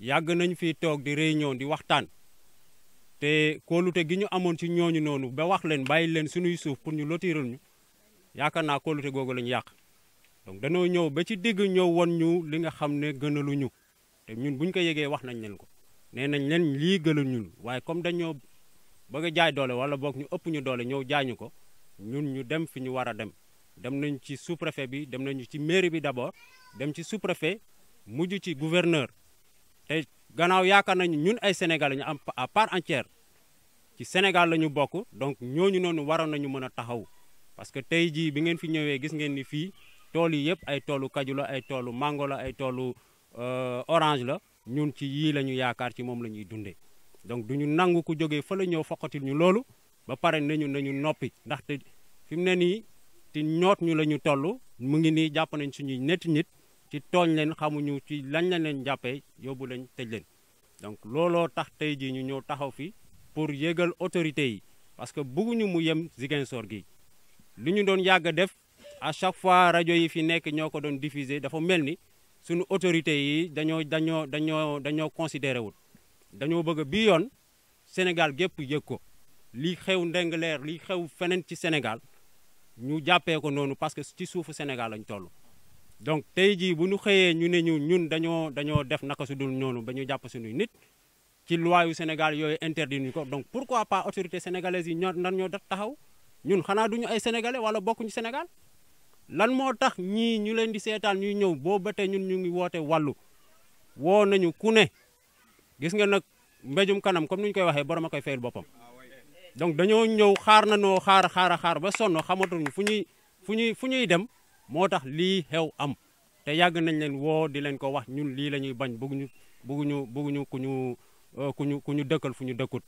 yàgg nañ fi toog di réunion di waxtaan te kóolute gi ñu amoon ci ñooñu noonu ba wax leen bàyyi leen suñuy suuf pour ñu lotiral ñu yaakaar naa kóolute googu la yàq donc danoo ñëw ba ci digg ñëw won ñu li nga xam ne gënaluñu te ñun buñ ko yegee wax nañ leen ko nee nañ leen lii gënal ñun waaye comme dañoo bëgg a jaay doole wala boog ñu ëpp ñu doole ñëw jaay ñu ko ñun ñu dem fi ñu war a dem dem nañ ci sous préfet bi dem nañu ci mairie bi d' abord dem ci sous mujj ci gouverneur te gannaaw yaakaar nañu ñun ay sénégalais ñu am à part entière ci Sénégal la ñu bokk donc ñooñu noonu waroon nañu mën a taxaw parce que tey jii bi ngeen fi ñëwee gis ngeen ni fii tool yi yëpp ay toolu kaju la ay toolu mango la ay toolu euh, orange la ñun ci yii la ñu yaakaar ci moom la ñuy dundee donc du ñu nangu ku jógee fa la ñëw foqatil ñu loolu ba pare nañu nañu noppi ndaxte fi mu ne nii te ñoot ñu la ñu toll mu ngi nii jàpp nañ suñuy netti nit ci tooñ leen xamuñu ci lañ lañ jàppee yóbbu lañ tëj leen donc looloo tax tey jii ñu ñëw taxaw fi pour yégal autorités yi parce que bëgguñu mu yem Ziguinchor gi lu ñu doon yàgg def à chaque fois rajo yi fi nekk ñoo ko doon diffuser dafa mel ni sunu autorités yi dañoo dañoo dañoo dañoo considéré wul dañoo bëgg bii yoon Sénégal gépp yëg ko lii xew Ndingler lii xew feneen ci Sénégal ñu jàppee ko noonu parce que ci suufu Sénégal lañ toll donc tey jii bu ñu xëyee ñu ne ñu ñun dañoo dañoo def naka su dul noonu ba ñu jàpp suñuy nit ci loi yu Sénégal yooyu interdit ñu ko donc pourquoi par autorité sénégalaise yi ñoo nan def taxaw ñun xanaa duñu ay sénégalais wala bokkuñu senegal lan moo tax ñii ñu leen di seetaan ñuy ñëw boo ba tey ñun ñu ngi woote wàllu woo nañu ku ne gis nga nag mbéjum kanam comme ni ñu koy waxee borom a koy fayal boppam donc dañoo ñëw xaar na noo xaar xaar xaar ba sonn xamatuñu fu ñuy fu ñuy fu ñuy dem moo tax lii xew am te yàgg nañ leen woo di leen ko wax ñun lii la ñuy bañ bëgguñu bëgguñu bëgguñu ku ñu euh, ku ñu ku ñu dëkkal fu ñu dëkkut